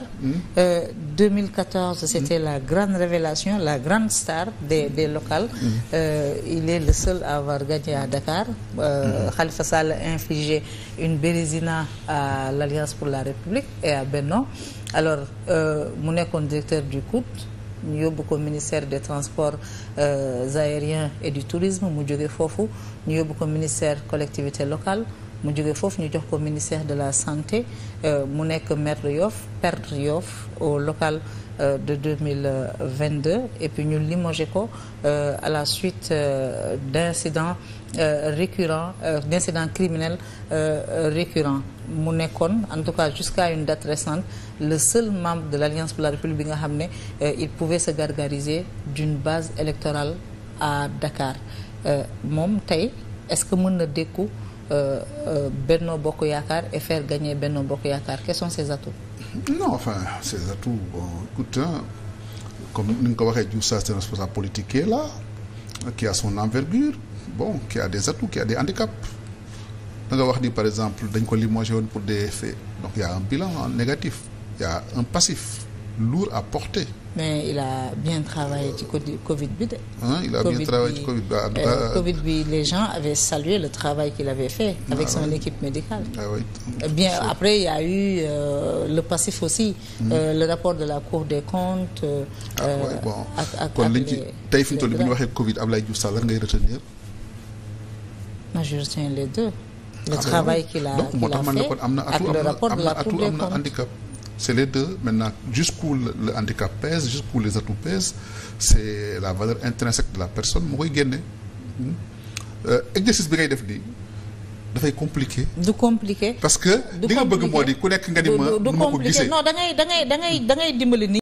Hmm. Euh, 2014 hmm. c'était la grande révélation la grande star des des locales hmm. euh, il est le seul à avoir gagné à Dakar euh, Khalifa Sall a infligé une bérésina à l'Alliance pour la République et à Benno alors euh, mu nekkoon directeur du COUD ñu yóbbu ko ministère des transports euh, aériens et du tourisme mu jóge foofu ñu yóbbu ko ministère collectivité locale mu jóge foofu ñu jox ko ministère de la santé euh, mu nekk maire Yoff perdre Yoff au local euh, de 2022 et puis ñu limogé ko euh, à la suite d'incidents récurrents d'incidents criminels récurrents mu nekkoon en tout cas jusqu'à une date récente le seul membre de l'Alliance pour la République bi nga xam ne il pouvait se gargariser d'une base électorale à Dakar moom tey est-ce que mën na dékku Euh, euh, Benno Bokk Yaakaar et faire gagner Benno Bokk Yaakaar quels sont ses atouts non enfin ses atouts bon comme ni nga ko waxee Diouf Sarr c'est un responsable politique qui est là qui a son envergure bon qui a des atouts qui a des handicaps da nga wax ni par exemple dañ ko limogé woon pour des faits donc il y a un bilan négatif il a un mais il a bien travaillé ci Covid bi a bien Covid bi ah, euh, Covid bi les gens avaient salué le travail qu'il avait fait. Ah avec son équipe médicale. Ah eh bien après y a eu euh, le passif aussi. Mhm. Euh, le rapport de la Cour des comptes. ak ak kon liñ ci tey fi mu toll nii bu ñu waxee Covid Abdoulaye Diouf Sall lan ngay retenir. moi je les deux. le travail qu'il a qu'il fait ak le rapport de la Cour des comptes. C'est les deux. Maintenant, jusqu'où le, le, handicap pèse, jusqu'où les atouts pèsent, c'est la valeur intrinsèque de la personne mu koy génne. Hmm? Euh, exercice bi ngay def nii dafay compliqué. parce que. li nga bëgg moo di ku nekk nga ni ma. du compliqué non da ngay da ngay da ngay da ngay dimbali ni